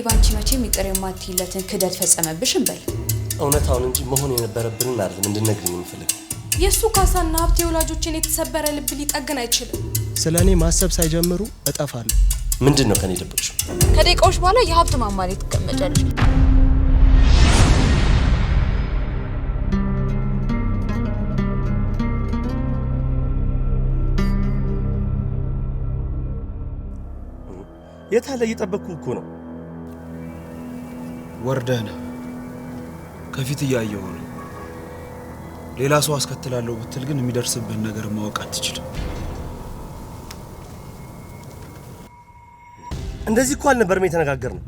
ይሄ ባንቺ መቼም ይቅር የማትይለትን ክደት ፈጸመብሽ እንበል። እውነታውን እንጂ መሆን የነበረብንን አይደለም እንድነግሪኝ የምፈልግ። የእሱ ካሳና ሀብት የወላጆችን የተሰበረ ልብ ሊጠግን አይችልም። ስለ እኔ ማሰብ ሳይጀምሩ እጠፋለሁ። ምንድን ነው ከኔ ደብቅሽ? ከደቂቃዎች በኋላ የሀብት ማማ ላይ ትቀመጫለሽ። የታለ? እየጠበቅኩ እኮ ነው። ወርደን ከፊት እያየሁ ነው። ሌላ ሰው አስከትላለሁ ብትል ግን የሚደርስብህን ነገር ማወቅ አትችልም። እንደዚህ እኮ አልነበረም የተነጋገርነው።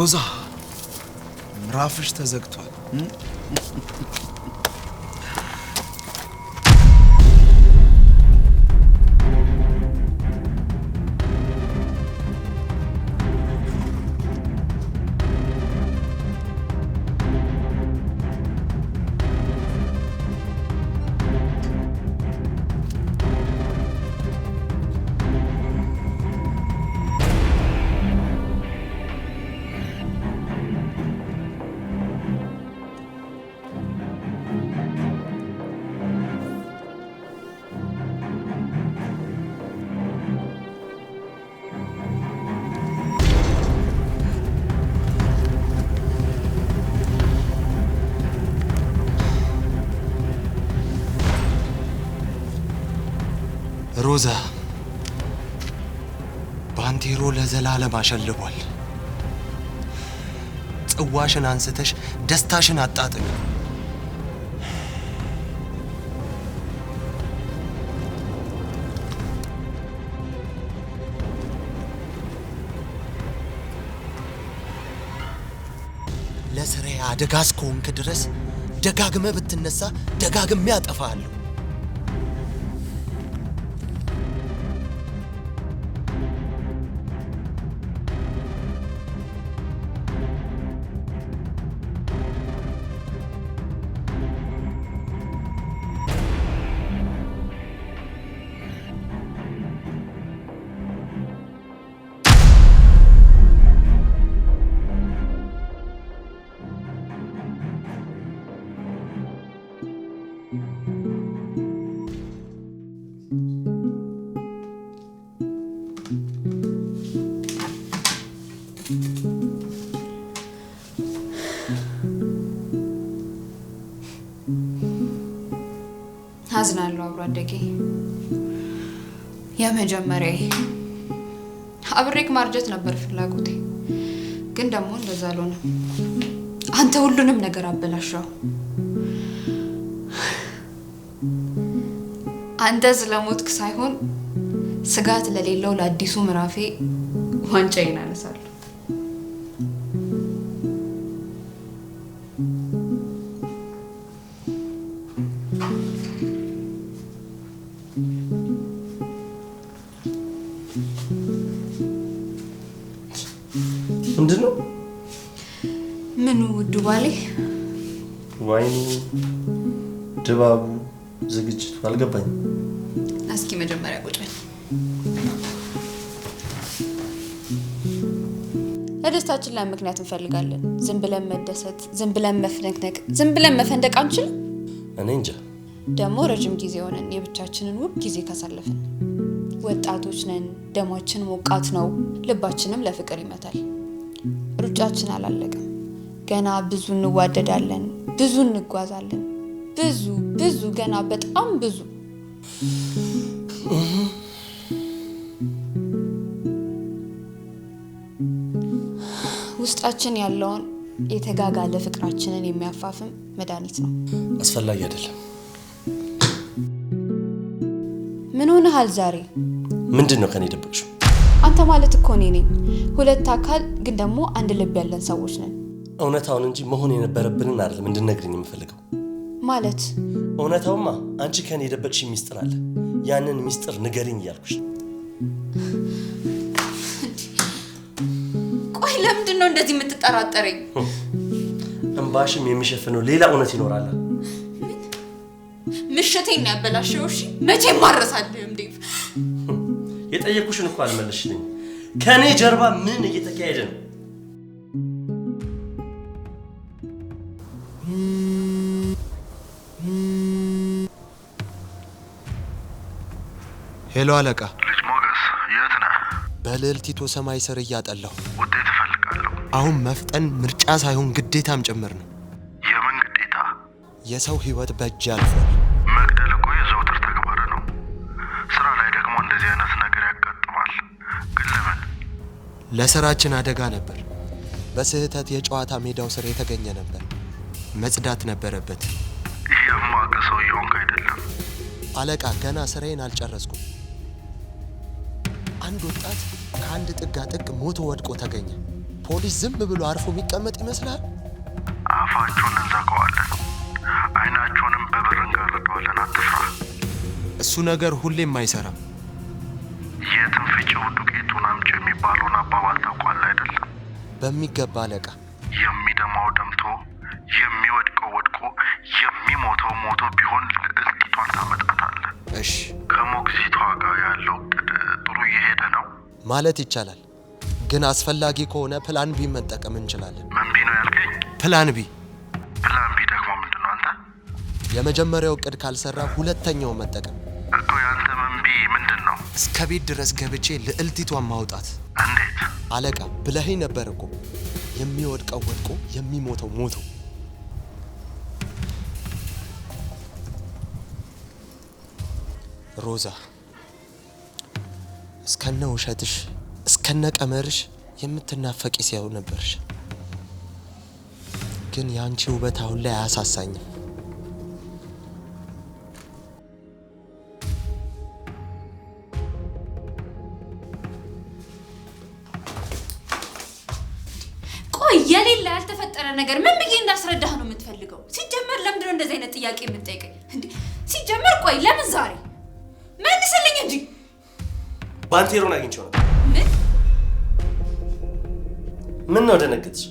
ሮዛ ምራፍሽ ተዘግቷል። ተመረኮዘ። ባንቴሮ ለዘላለም አሸልቧል። ጽዋሽን አንስተሽ ደስታሽን አጣጥሚ። ለስራዬ አደጋ እስከሆንክ ድረስ ደጋግመ ብትነሳ ደጋግሜ አጠፋሃለሁ። አደጌ የመጀመሪያ አብሬክ ማርጀት ነበር ፍላጎቴ፣ ግን ደግሞ እንደዛ አልሆነም። አንተ ሁሉንም ነገር አበላሻው። አንተ ስለሞትክ ሳይሆን ስጋት ለሌለው ለአዲሱ ምዕራፌ ዋንጫዬን አነሳለሁ። እስኪ መጀመሪያ ቁጭ በል። ለደስታችን ላይ ምክንያት እንፈልጋለን። ዝም ብለን መደሰት፣ ዝም ብለን መፍነቅነቅ፣ ዝም ብለን መፈንደቅ አንችልም። እኔ እንጃ። ደግሞ ረጅም ጊዜ ሆነን የብቻችንን ውብ ጊዜ ካሳለፍን ወጣቶች ነን። ደማችን ሞቃት ነው፣ ልባችንም ለፍቅር ይመታል። ሩጫችን አላለቀም። ገና ብዙ እንዋደዳለን፣ ብዙ እንጓዛለን፣ ብዙ ብዙ ገና በጣም ብዙ Uh-huh. ውስጣችን ያለውን የተጋጋለ ፍቅራችንን የሚያፋፍም መድኃኒት ነው። አስፈላጊ አይደለም። ምን ሆነሃል ዛሬ? ምንድን ነው ከኔ ደበቅሽው? አንተ ማለት እኮ እኔ ነኝ። ሁለት አካል ግን ደግሞ አንድ ልብ ያለን ሰዎች ነን። እውነታውን እንጂ መሆን የነበረብንን አይደለም እንድነግርኝ የምፈልገው ማለት እውነታውማ አንቺ ከኔ የደበቅሽ ሚስጥር አለ። ያንን ሚስጥር ንገሪኝ እያልኩሽ። ቆይ ለምንድን ነው እንደዚህ የምትጠራጠረኝ? እንባሽም የሚሸፍነው ሌላ እውነት ይኖራል። ምሽቴን ነው ያበላሸው። እሺ መቼም ማረሳልህም ዴቭ። የጠየኩሽን እኮ አልመለሽልኝ። ከእኔ ጀርባ ምን እየተካሄደ ነው? ሄሎ አለቃ። ልጅ ሞገስ የት ነህ? በልዕልቲቱ ሰማይ ስር እያጠለሁ። ውጤት እፈልጋለሁ። አሁን መፍጠን ምርጫ ሳይሆን ግዴታም ጭምር ነው። የምን ግዴታ? የሰው ህይወት በእጅ አልፏል። መግደል እኮ የዘውትር ተግባር ነው። ስራ ላይ ደግሞ እንደዚህ አይነት ነገር ያጋጥማል። ግን ለምን? ለስራችን አደጋ ነበር። በስህተት የጨዋታ ሜዳው ስር የተገኘ ነበር። መጽዳት ነበረበት። ይሄማ ከሰውየው አይደለም አለቃ። ገና ስራዬን አልጨረስኩም። አንድ ወጣት ከአንድ ጥጋ ጥግ ሞቶ ወድቆ ተገኘ። ፖሊስ ዝም ብሎ አርፎ የሚቀመጥ ይመስላል? አፋቸውን እንዘጋዋለን፣ አይናቸውንም በብር እንጋርደዋለን። አትፍራ፣ እሱ ነገር ሁሌም አይሰራም። የትም ፍጪው ዱቄቱን አምጪ የሚባለውን አባባል ታውቋል አይደለም? በሚገባ አለቃ። የሚደማው ደምቶ የሚወድቀው ወድቆ የሚሞተው ሞቶ ቢሆን ልዕልቲቷን ታመጣታለህ። እሺ ከሞግዚቷ ጋር ያለው እየሄደ ነው ማለት ይቻላል። ግን አስፈላጊ ከሆነ ፕላን ቢ መጠቀም እንችላለን። ምን ቢ ነው ያልከኝ? ፕላን ቢ። ፕላን ቢ ደግሞ ምንድን ነው? አንተ የመጀመሪያው እቅድ ካልሰራ ሁለተኛው መጠቀም እኮ። ያንተ ምን ቢ ምንድን ነው? እስከ ቤት ድረስ ገብቼ ልዕልቲቷን ማውጣት። እንዴት አለቃ ብለኸኝ ነበር እኮ። የሚወድቀው ወድቆ የሚሞተው ሞተው። ሮዛ እስከነ ውሸትሽ እስከነ ቀመርሽ የምትናፈቂ ሲያው ነበርሽ። ግን የአንቺ ውበት አሁን ላይ አያሳሳኝም። ቆይ የሌላ ያልተፈጠረ ነገር ምን ብዬ እንዳስረዳህ ነው የምትፈልገው? ሲጀመር ለምንድነው እንደዚህ አይነት ጥያቄ የምትጠይቀኝ? ሲጀመር ቆይ ለምን ዛሬ ባንቴሮን አግኝቼው ነበር። ምን ነው ደነገጥሽ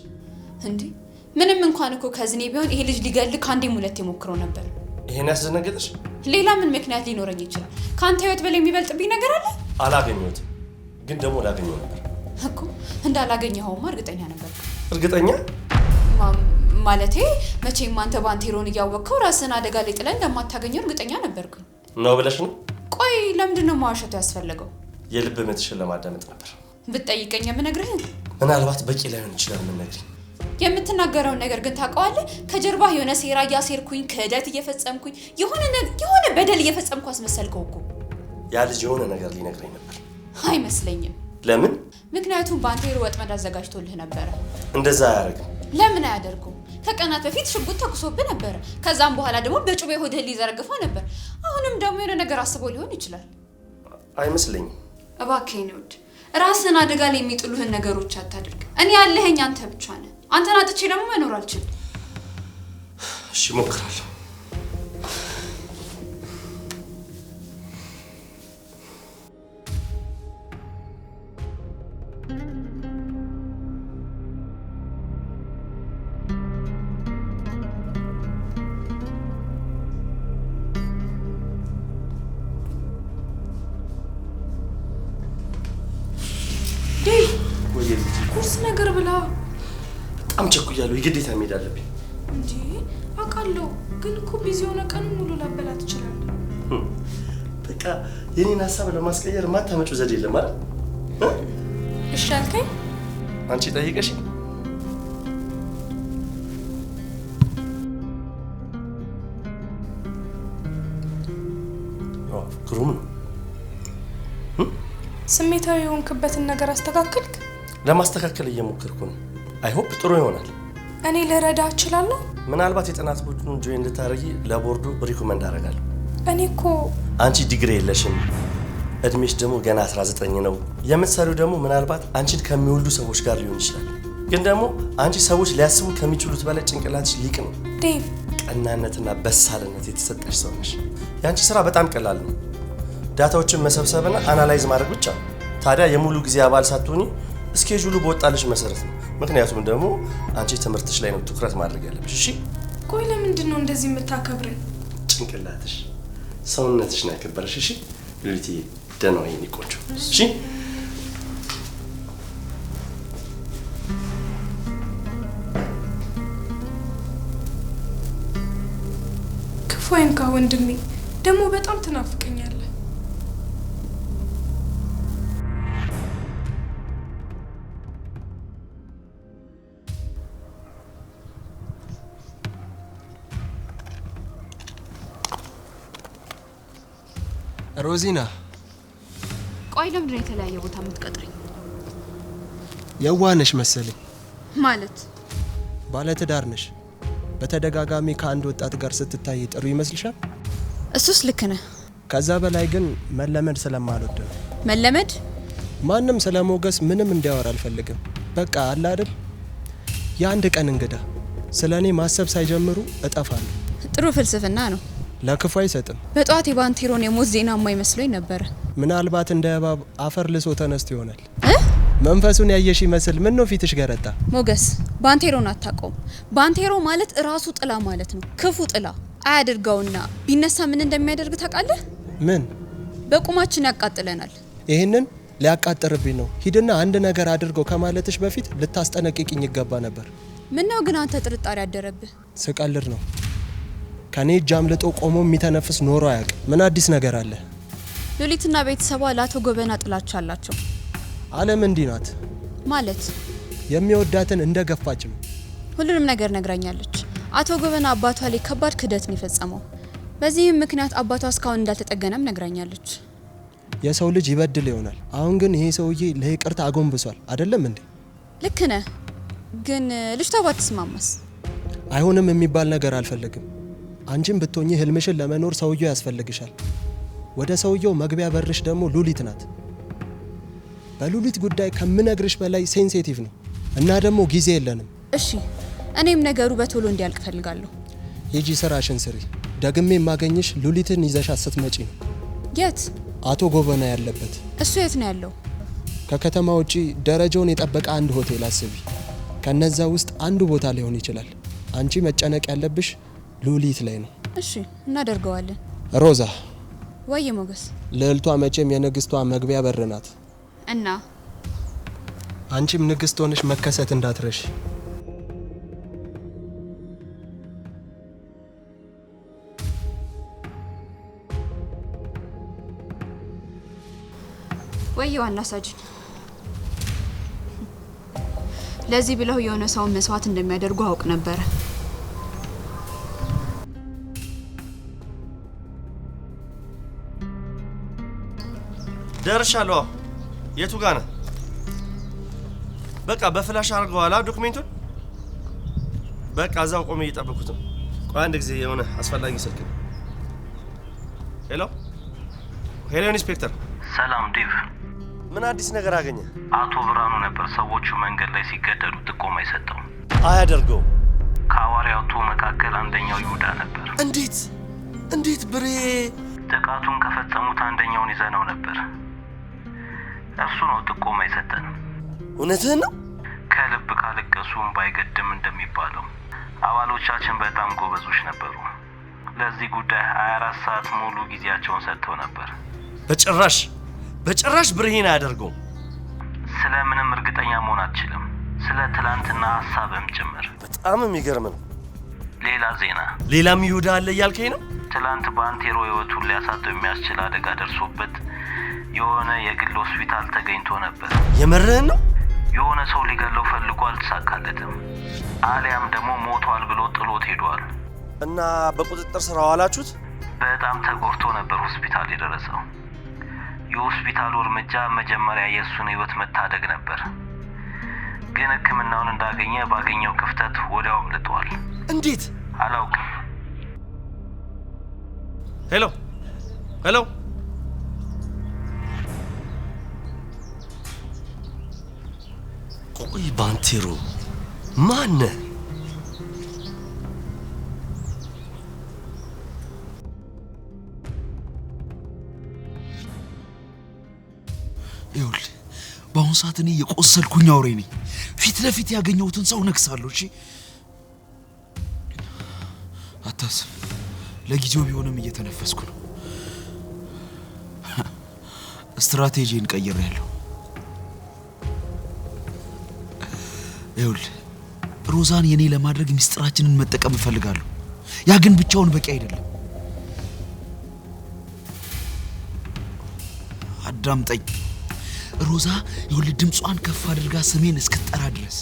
እንዴ? ምንም እንኳን እኮ ከዝኔ ቢሆን ይሄ ልጅ ሊገልክ ከአንዴም ሁለቴ ሞክሮ ነበር። ይሄን ያስደነገጠሽ ሌላ ምን ምክንያት ሊኖረኝ ይችላል? ከአንተ ህይወት በላይ የሚበልጥብኝ ነገር አለ? አላገኘሁትም፣ ግን ደግሞ ላገኘው ነበር እኮ። እንዳላገኘኸውማ እርግጠኛ ነበር። እርግጠኛ ማለቴ መቼም አንተ ባንቴሮን እያወቅከው ራስን አደጋ ላይ ጥለን እንደማታገኘው እርግጠኛ ነበርኩኝ። ነው ብለሽ ነው? ቆይ ለምንድን ነው መዋሸቱ ያስፈለገው? የልብ ምትሽን ለማዳመጥ ነበር። ብትጠይቀኝ የምነግርህ ምናልባት በቂ ላይሆን ይችላል የምነግርህ የምትናገረውን ነገር ግን ታውቀዋለህ። ከጀርባ የሆነ ሴራ እያሴርኩኝ ክህደት እየፈጸምኩኝ የሆነ የሆነ በደል እየፈጸምኩ አስመሰልከው እኮ። ያ ልጅ የሆነ ነገር ሊነግረኝ ነበር። አይመስለኝም። ለምን? ምክንያቱም ባንቴሩ ወጥመድ አዘጋጅቶልህ ነበረ። እንደዛ አያደርግም። ለምን አያደርገው ከቀናት በፊት ሽጉጥ ተኩሶብህ ነበረ። ከዛም በኋላ ደግሞ በጩቤ ሆድህ ሊዘረግፈው ነበር። አሁንም ደግሞ የሆነ ነገር አስቦ ሊሆን ይችላል። አይመስለኝም እባክህ ውድ ራስን አደጋ ላይ የሚጥሉህን ነገሮች አታድርግ። እኔ ያለህኝ አንተ ብቻ ነህ። አንተን አጥቼ ደግሞ መኖር አልችልም። እሺ እሞክራለሁ። መሄድ አለብኝ። እንዴ አውቃለሁ፣ ግን እኮ ቢዚ የሆነ ቀኑን ሙሉ ላበላ ትችላለህ። በቃ የኔን ሀሳብ ለማስቀየር ማታመጪው ዘዴ የለም አይደል? እሺ አልከኝ። አንቺ ጠይቀሽ ግሩም ነው። ስሜታዊ የሆንክበትን ነገር አስተካከልክ? ለማስተካከል እየሞከርኩ ነው። አይሆፕ ጥሩ ይሆናል። እኔ ልረዳ እችላለሁ? ምናልባት የጥናት ቡድኑ ጆይን እንድታደርጊ ለቦርዱ ሪኮመንድ አደርጋለሁ። እኔ እኮ አንቺ ዲግሪ የለሽም፣ እድሜሽ ደግሞ ገና 19 ነው። የምትሰሪው ደግሞ ምናልባት አንቺን ከሚወዱ ሰዎች ጋር ሊሆን ይችላል። ግን ደግሞ አንቺ ሰዎች ሊያስቡ ከሚችሉት በላይ ጭንቅላትሽ ሊቅ ነው። ዴቭ፣ ቀናነትና በሳልነት የተሰጠሽ ሰው ነሽ። የአንቺ ስራ በጣም ቀላል ነው። ዳታዎችን መሰብሰብና አናላይዝ ማድረግ ብቻ ነው። ታዲያ የሙሉ ጊዜ አባል ሳትሆኚ እስኬጁሉ በወጣልሽ መሰረት ነው። ምክንያቱም ደግሞ አንቺ ትምህርትሽ ላይ ነው ትኩረት ማድረግ ያለብሽ። እሺ ቆይ ለምንድን ነው እንደዚህ የምታከብረኝ? ጭንቅላትሽ፣ ሰውነትሽ ነው ያከበረሽ። እሺ ሉሊት ደህና ነው የኔ ቆንጆ። እሺ ክፉ አይንካ ወንድሜ፣ ደግሞ በጣም ትናፍቀኛል። ሮዚና፣ ቆይ ለምንድን ነው የተለያየ ቦታ የምትቀጥረኝ? የዋነሽ መሰለኝ። ማለት ባለትዳር ነሽ፣ በተደጋጋሚ ከአንድ ወጣት ጋር ስትታይ ጥሩ ይመስልሻል? እሱስ ልክ ነህ። ከዛ በላይ ግን መለመድ ስለማልወድ ነው። መለመድ? ማንም ስለ ሞገስ ምንም እንዲያወራ አልፈልግም። በቃ አለ አይደል፣ የአንድ ቀን እንግዳ ስለ እኔ ማሰብ ሳይጀምሩ እጠፋለሁ። ጥሩ ፍልስፍና ነው። ለክፉ አይሰጥም። በጠዋት የባንቴሮን የሞት ዜና የማይመስለኝ ነበረ። ምናልባት እንደ እባብ አፈር ልሶ ተነስቶ ይሆናል። መንፈሱን ያየሽ ይመስል ምን ነው ፊትሽ ገረጣ? ሞገስ ባንቴሮን አታውቀውም። ባንቴሮ ማለት እራሱ ጥላ ማለት ነው። ክፉ ጥላ አያድርገውና ቢነሳ ምን እንደሚያደርግ ታውቃለህ? ምን? በቁማችን ያቃጥለናል። ይህንን ሊያቃጥርብኝ ነው። ሂድና አንድ ነገር አድርገው ከማለትሽ በፊት ልታስጠነቅቅኝ ይገባ ነበር። ምነው ግን አንተ ጥርጣሬ አደረብህ? ስቀልድ ነው። ከኔ እጅ አምልጦ ቆሞ የሚተነፍስ ኖሮ አያውቅ። ምን አዲስ ነገር አለ? ሉሊትና ቤተሰቧ ለአቶ ጎበና ጥላቻ አላቸው። አለም እንዲህ ናት ማለት የሚወዳትን እንደ ሁሉንም ነገር ነግራኛለች። አቶ ጎበና አባቷ ላይ ከባድ ክደት ነው የፈጸመው። በዚህም ምክንያት አባቷ እስካሁን እንዳልተጠገነም ነግራኛለች። የሰው ልጅ ይበድል ይሆናል። አሁን ግን ይሄ ሰውዬ ለይቅርታ አጎንብሷል። አይደለም እንዴ? ልክ ነህ። ግን ልጅቷ ባትስማማስ? አይሆንም የሚባል ነገር አልፈልግም። አንቺም ብትሆኚ ህልምሽን ለመኖር ሰውየው ያስፈልግሻል። ወደ ሰውየው መግቢያ በርሽ ደግሞ ሉሊት ናት። በሉሊት ጉዳይ ከምነግርሽ በላይ ሴንሴቲቭ ነው እና ደግሞ ጊዜ የለንም። እሺ፣ እኔም ነገሩ በቶሎ እንዲያልቅ ፈልጋለሁ። ሂጂ ስራሽን ስሪ። ደግሜ የማገኝሽ ሉሊትን ይዘሻት ስትመጪ ነው። የት? አቶ ጎበና ያለበት። እሱ የት ነው ያለው? ከከተማ ውጪ ደረጃውን የጠበቀ አንድ ሆቴል አስቢ። ከነዛ ውስጥ አንዱ ቦታ ሊሆን ይችላል። አንቺ መጨነቅ ያለብሽ ሉሊት ላይ ነው። እሺ እናደርገዋለን። ሮዛ ወይ ሞገስ፣ ልዕልቷ መቼም የንግስቷ መግቢያ በር ናት እና አንቺም ንግስት ሆነሽ መከሰት እንዳትረሽ። ወይ ዋና ሳጅን ለዚህ ብለው የሆነ ሰውን መስዋዕት እንደሚያደርጉ አውቅ ነበር። ደርሻለሁ። የቱ ጋ ነህ? በቃ በፍላሽ አድርገዋላ ዶክሜንቱን። በቃ እዛው ቆሜ እየጠበኩት ነው። ቆይ አንድ ጊዜ የሆነ አስፈላጊ ስልክ ነው። ሄሎ ሄሎ፣ ኢንስፔክተር ሰላም። ዴቭ፣ ምን አዲስ ነገር አገኘ? አቶ ብርሃኑ ነበር ሰዎቹ መንገድ ላይ ሲገደሉ ጥቆማ የሰጠው። አያደርገውም። ከአዋሪያቱ መካከል አንደኛው ይሁዳ ነበር። እንዴት እንዴት ብሬ ጥቃቱን ከፈጸሙት አንደኛውን ይዘነው ነበር እሱ ነው ጥቆማ የሰጠን። እውነትህን ነው። ከልብ ካለቀሱም ባይገድም እንደሚባለው አባሎቻችን በጣም ጎበዞች ነበሩ። ለዚህ ጉዳይ 24 ሰዓት ሙሉ ጊዜያቸውን ሰጥተው ነበር። በጭራሽ በጭራሽ ብርሄን አያደርገውም። ስለ ምንም እርግጠኛ መሆን አትችልም፣ ስለ ትላንትና ሀሳብም ጭምር። በጣም የሚገርም ነው። ሌላ ዜና፣ ሌላም ይሁዳ አለ እያልከኝ ነው? ትላንት በአንቴሮ ህይወቱን ሊያሳጠው የሚያስችል አደጋ ደርሶበት የሆነ የግል ሆስፒታል ተገኝቶ ነበር። የምርህን ነው? የሆነ ሰው ሊገለው ፈልጎ አልተሳካለትም፣ አሊያም ደግሞ ሞቷል ብሎ ጥሎት ሄዷል። እና በቁጥጥር ስራ ዋላችሁት? በጣም ተጎድቶ ነበር ሆስፒታል የደረሰው። የሆስፒታሉ እርምጃ መጀመሪያ የእሱን ህይወት መታደግ ነበር፣ ግን ህክምናውን እንዳገኘ ባገኘው ክፍተት ወዲያው አምልጧል። እንዴት አላውቅም። ሄሎ ሄሎ ቆይ ባንቴሮ ማነ? ይውል በአሁኑ ሰዓት እኔ የቆሰልኩኝ አውሬ ነኝ። ፊት ለፊት ያገኘሁትን ሰው ነግሳለሁ። እሺ አታስብ። ለጊዜው ቢሆንም እየተነፈስኩ ነው። ስትራቴጂን ቀይሬያለሁ። ይውል ሮዛን የኔ ለማድረግ ምስጥራችንን መጠቀም እፈልጋለሁ። ያ ግን ብቻውን በቂ አይደለም። አዳምጠኝ ሮዛ። ይኸውልህ ድምጿን ከፍ አድርጋ ስሜን እስክትጠራ ድረስ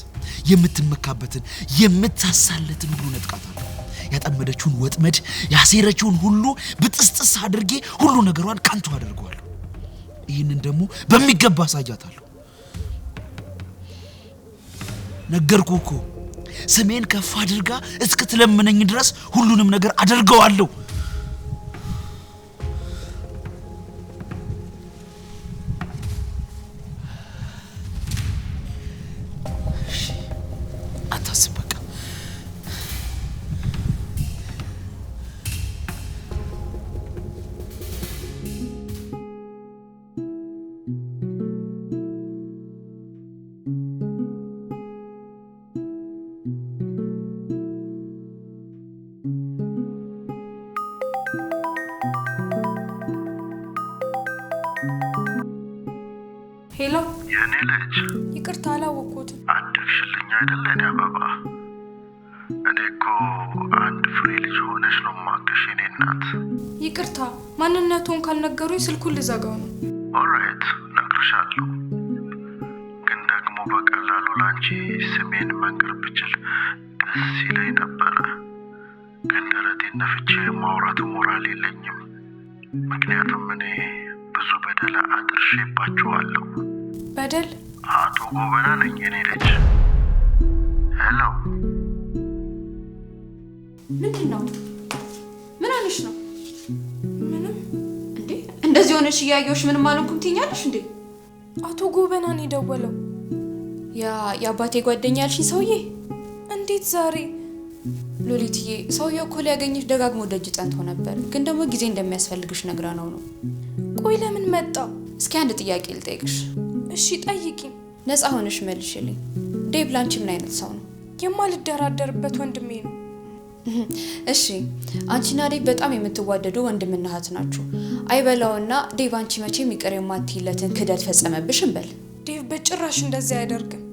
የምትመካበትን የምታሳለትን ሁሉ ነጥቃታለሁ። ያጠመደችውን ወጥመድ ያሴረችውን ሁሉ ብጥስጥስ አድርጌ ሁሉ ነገሯን ከንቱ አደርገዋለሁ። ይህንን ደግሞ በሚገባ አሳያታለሁ። ነገርኩ እኮ ስሜን ከፍ አድርጋ እስክትለምነኝ ድረስ ሁሉንም ነገር አደርገዋለሁ ሄሎ፣ የእኔ ልጅ። ይቅርታ አላወቅኩትም። አደግሽልኝ አይደለ? እኔ አበባ፣ እኔ እኮ አንድ ፍሬ ልጅ ሆነች ነው ማገሽ የኔ እናት። ይቅርታ ማንነቱን ካልነገሩኝ ስልኩን ልዘጋው ነው። ኦራይት፣ ነግርሻለሁ። ግን ደግሞ በቀላሉ ላንቺ ስሜን መንገር ብችል ደስ ይለኝ ነበረ። ግን ደረቴን ነፍቼ ማውራት ሞራል የለኝም። ምክንያቱም እኔ ብዙ በደል አድርሼባችኋለሁ። በደል? አቶ ጎበና ነኝ የኔ ልጅ። ሄሎ፣ ምንድን ነው? ምን አንሽ ነው? ምንም። እንዴ እንደዚህ ሆነሽ እያየሁሽ ምንም አልሆንኩም ትይኛለሽ እንዴ? አቶ ጎበና ነው የደወለው። ያ የአባቴ ጓደኛ ያልሽኝ ሰውዬ? እንዴት ዛሬ ሎሊትዬ፣ ሰውየው እኮ ሊያገኝሽ ደጋግሞ ደጅ ጠንቶ ነበር፣ ግን ደግሞ ጊዜ እንደሚያስፈልግሽ ነግራ ነው ነው ቆይ ለምን መጣው? እስኪ አንድ ጥያቄ ልጠይቅሽ። እሺ ጠይቂ። ነፃ ሆነሽ መልሽልኝ። ዴቭ ላንቺ ምን አይነት ሰው ነው? የማልደራደርበት ወንድሜ ነው። እሺ አንቺና ዴቭ በጣም የምትዋደዱ ወንድምና እህት ናችሁ። አይበላውና ዴቭ አንቺ መቼም ይቅር የማትይለትን ክደት ፈጸመብሽ እንበል። ዴቭ በጭራሽ እንደዚያ አያደርግም።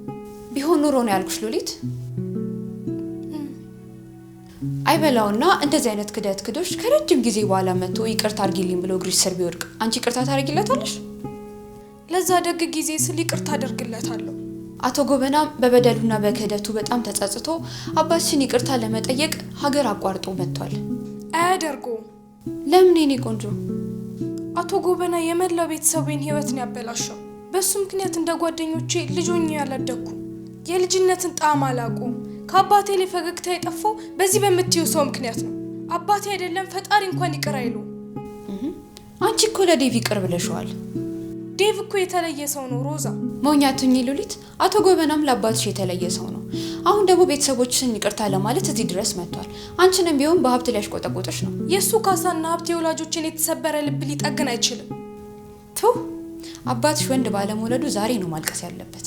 ቢሆን ኑሮ ነው ያልኩሽ ሉሊት አይበላውና እንደዚህ አይነት ክደት ክዶች ከረጅም ጊዜ በኋላ መጥቶ ይቅርታ አድርጊልኝ ብሎ እግርሽ ስር ቢወድቅ አንቺ ይቅርታ ታደርጊለታለሽ? ለዛ ደግ ጊዜ ስል ይቅርታ አደርግለታለሁ። አቶ ጎበና በበደሉና በክህደቱ በጣም ተጸጽቶ አባትሽን ይቅርታ ለመጠየቅ ሀገር አቋርጦ መጥቷል። አያደርገውም። ለምን? የኔ ቆንጆ አቶ ጎበና የመላው ቤተሰቡን ህይወት ነው ያበላሸው። በእሱ ምክንያት እንደ ጓደኞቼ ልጆኛ ያላደግኩ የልጅነትን ጣዕም አላውቅም። ከአባቴ ላይ ፈገግታ የጠፋው በዚህ በምትይው ሰው ምክንያት ነው። አባቴ አይደለም ፈጣሪ እንኳን ይቅር አይሉ። አንቺ እኮ ለዴቭ ይቅር ብለሽዋል። ዴቭ እኮ የተለየ ሰው ነው ሮዛ። መውኛቱኝ ሉሊት፣ አቶ ጎበናም ለአባትሽ የተለየ ሰው ነው። አሁን ደግሞ ቤተሰቦችሽን ይቅርታ ለማለት እዚህ ድረስ መጥቷል። አንቺንም ቢሆን በሀብት ላይ ያሽቆጠቆጠሽ ነው። የእሱ ካሳና ሀብት የወላጆችን የተሰበረ ልብ ሊጠግን አይችልም። ቱ አባትሽ ወንድ ባለመውለዱ ዛሬ ነው ማልቀስ ያለበት።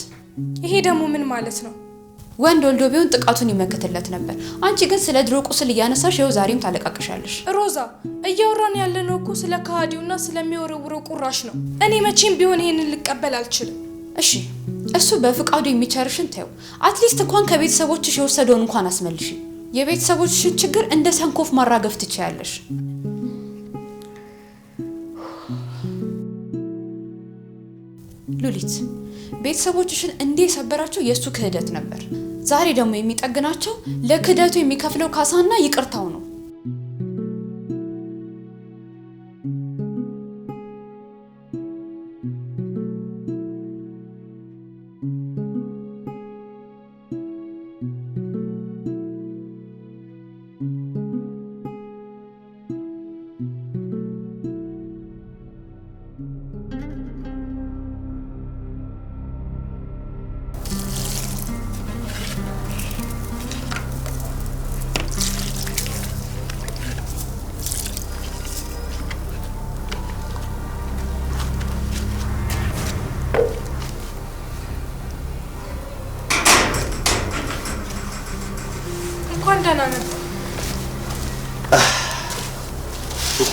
ይሄ ደግሞ ምን ማለት ነው? ወንድ ወልዶ ቢሆን ጥቃቱን ይመክትለት ነበር። አንቺ ግን ስለ ድሮ ቁስል እያነሳሽ ይኸው ዛሬም ታለቃቅሻለሽ። ሮዛ፣ እያወራን ያለነው እኮ ስለ ከሃዲውና ስለሚወረውረው ቁራሽ ነው። እኔ መቼም ቢሆን ይሄንን ልቀበል አልችልም። እሺ እሱ በፍቃዱ የሚቸርሽን ተው። አትሊስት እንኳን ከቤተሰቦችሽ የወሰደውን እንኳን አስመልሽ። የቤተሰቦችሽን ችግር እንደ ሰንኮፍ ማራገፍ ትችያለሽ። ሉሊት ቤተሰቦችሽን እንዲህ የሰበራቸው የእሱ ክህደት ነበር። ዛሬ ደግሞ የሚጠግናቸው ለክደቱ የሚከፍለው ካሳና ይቅርታው ነው።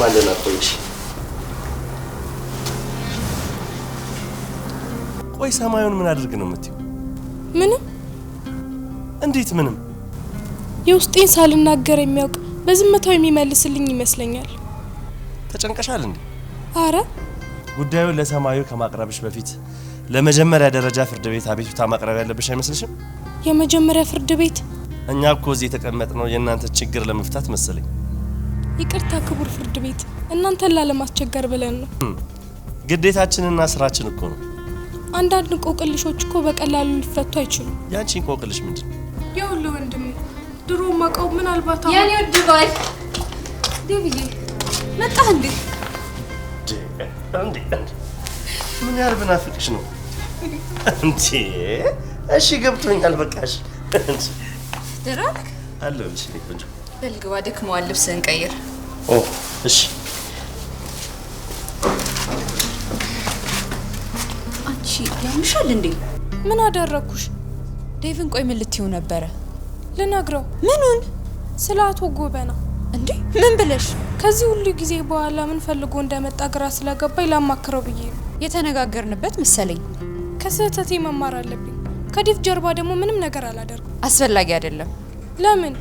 pale napoishi. ቆይ ሰማዩን ምን አድርግ ነው የምትይው? ምንም። እንዴት ምንም? የውስጤን ሳልናገር የሚያውቅ በዝምታው የሚመልስልኝ ይመስለኛል። ተጨንቀሻል እንዴ? አረ ጉዳዩን ለሰማዩ ከማቅረብሽ በፊት ለመጀመሪያ ደረጃ ፍርድ ቤት አቤቱታ ማቅረብ ያለብሽ አይመስልሽም? የመጀመሪያ ፍርድ ቤት? እኛ እኮ እዚህ የተቀመጥነው የእናንተ ችግር ለመፍታት መሰለኝ። ይቅርታ ክቡር ፍርድ ቤት፣ እናንተን ላለማስቸገር ብለን ነው። ግዴታችንና ስራችን እኮ ነው። አንዳንድ እንቆቅልሾች እኮ በቀላሉ ሊፈቱ አይችሉም። ያንቺ እንቆቅልሽ ምንድን ነው? የሁሉ ወንድሜ ድሮ ማቀው ምናልባት ያኔ ወድ ባይ ዴቪዬ መጣህ እንዴ? ምን ያህል ብናፍቅሽ ነው እንዴ? እሺ ገብቶኛል። በቃሽ ደራክ አለሁልሽ ቆንጆ በልግባ ደክመዋል። ልብስህን ቀይር። ኦ እሺ። አንቺ ያምሻል እንዴ? ምን አደረግኩሽ? ዴቭን ቆይ ምን ልትይው ነበረ? ልነግረው። ምኑን? ስለ አቶ ጎበና። እንዴ ምን ብለሽ? ከዚህ ሁሉ ጊዜ በኋላ ምን ፈልጎ እንደመጣ ግራ ስለገባኝ ላማክረው ብዬ ነው የተነጋገርንበት መሰለኝ። ከስህተቴ መማር አለብኝ። ከዴቭ ጀርባ ደግሞ ምንም ነገር አላደርግም። አስፈላጊ አይደለም። ለምን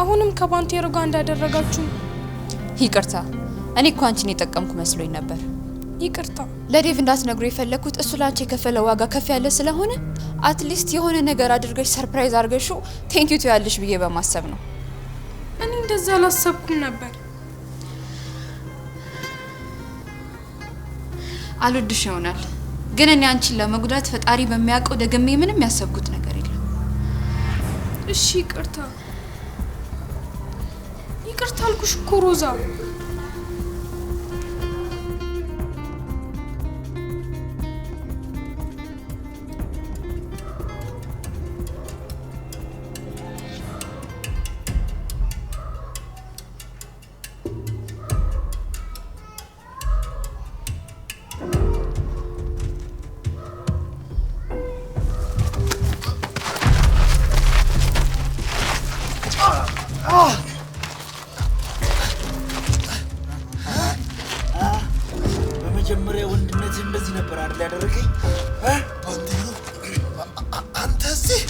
አሁንም ከባንቴሮ ጋር እንዳደረጋችሁ። ይቅርታ፣ እኔ እኮ አንቺን የጠቀምኩ መስሎኝ ነበር። ይቅርታ። ለዴቭ እንዳትነግሩ የፈለግኩት እሱ ላንቺ የከፈለ ዋጋ ከፍ ያለ ስለሆነ አትሊስት የሆነ ነገር አድርገሽ ሰርፕራይዝ አድርገሹ ቴንኪዩ ትያለሽ ብዬ በማሰብ ነው። እኔ እንደዛ አላሰብኩም ነበር። አልወድሽ ይሆናል ግን እኔ አንቺን ለመጉዳት ፈጣሪ በሚያውቀው ደግሜ ምንም ያሰብኩት ነገር የለም። እሺ ይቅርታ። ትምህርት አልኩሽ እኮ ሮዛ። Ah! እንድቀበል ያደረገኝ ባንተ አንተ እዚህ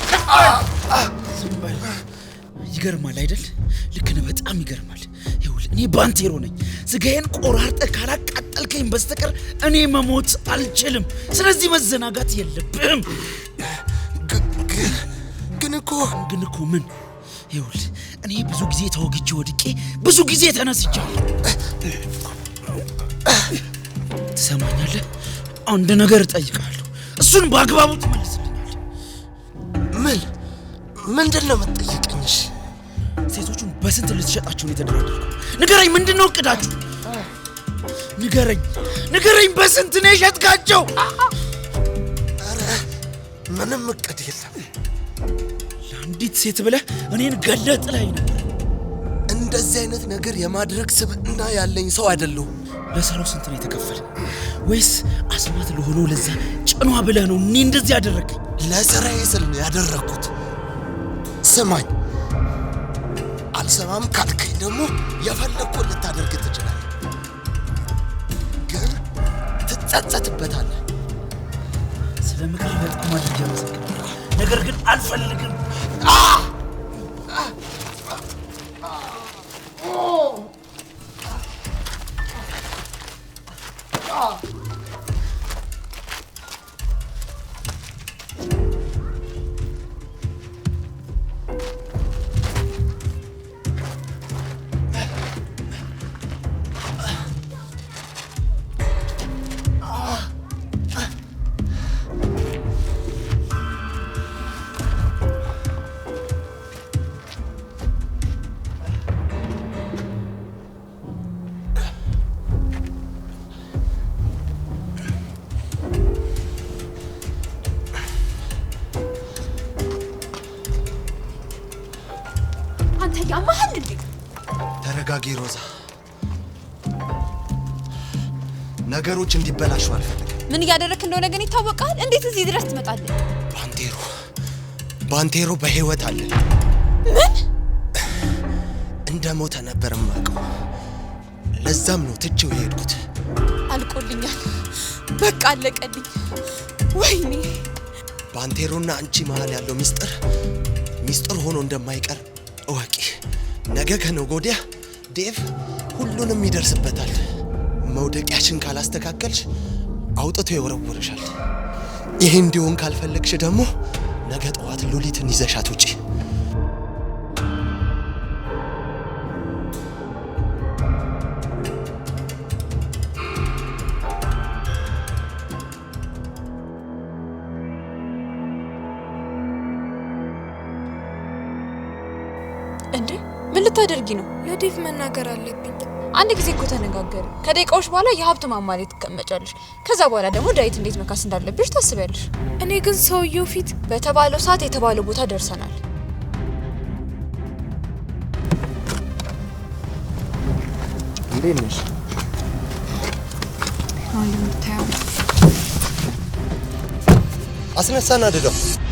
ይገርማል አይደል? ልክ ነህ። በጣም ይገርማል። ይኸውልህ እኔ ባንቴሮ ነኝ። ስጋዬን ቆራርጠህ ካላቃጠልከኝ በስተቀር እኔ መሞት አልችልም። ስለዚህ መዘናጋት የለብህም። ግን እኮ ግን እኮ ምን? ይኸውልህ እኔ ብዙ ጊዜ ተወግቼ ወድቄ ብዙ ጊዜ ተነስቻለሁ። ትሰማኛለህ? አንድ ነገር እጠይቃለሁ። እሱን በአግባቡ ትመልስልኛል። ምን ምንድን ነው የምትጠይቀኝ? ሴቶቹን በስንት ልትሸጣቸው የተደራደርኩ? ንገረኝ፣ ምንድን ነው እቅዳችሁ? ንገረኝ፣ ንገረኝ፣ በስንት ነው የሸጥካቸው? ምንም እቅድ የለም። ለአንዲት ሴት ብለህ እኔን ገለጥ ላይ ነበር። እንደዚህ አይነት ነገር የማድረግ ስብዕና ያለኝ ሰው አይደለሁም። ለስራው ስንት ነው የተከፈለ? ወይስ አስማት ለሆኖ ለዛ ጭኗ ብለ ነው እኔ እንደዚህ ያደረግ? ለስራዬ ስል ነው ያደረግኩት። ስማኝ፣ አልሰማም ካልከኝ ደግሞ የፈለግኩን ልታደርግ ትችላለህ፣ ግን ትጸጸትበታለህ። ስለ ምክር በጣም አድርጌ አመሰግናለሁ፣ ነገር ግን አልፈልግም። ሮዛ፣ ነገሮች እንዲበላሹ አልፈልግም። ምን እያደረክ እንደሆነ ግን ይታወቃል። እንዴት እዚህ ድረስ ትመጣለህ? ባንቴሮ ባንቴሮ በህይወት አለ። ምን እንደ ሞተ ነበር የማውቀው። ለዛም ነው ትቼው የሄድኩት። አልቆልኛል። በቃ አለቀልኝ። ወይኔ ባንቴሮና አንቺ መሀል ያለው ሚስጥር ሚስጥር ሆኖ እንደማይቀር እወቂ። ነገ ከነገ ወዲያ ዴቭ ሁሉንም ይደርስበታል። መውደቂያችን ካላስተካከልሽ አውጥቶ ይወረውርሻል። ይህ እንዲሆን ካልፈለግሽ ደግሞ ነገ ጠዋት ሉሊትን ይዘሻት ውጪ። ልታደርጊ ነው? ለዴቭ መናገር አለብኝ። አንድ ጊዜ እኮ ተነጋገር። ከደቂቃዎች በኋላ የሀብት ማማ ላይ ትቀመጫለሽ። ከዛ በኋላ ደግሞ ዳዊት እንዴት መካስ እንዳለብሽ ታስቢያለሽ። እኔ ግን ሰውየው ፊት በተባለው ሰዓት የተባለው ቦታ ደርሰናል። እንዴት ነሽ? አስነሳና ድደው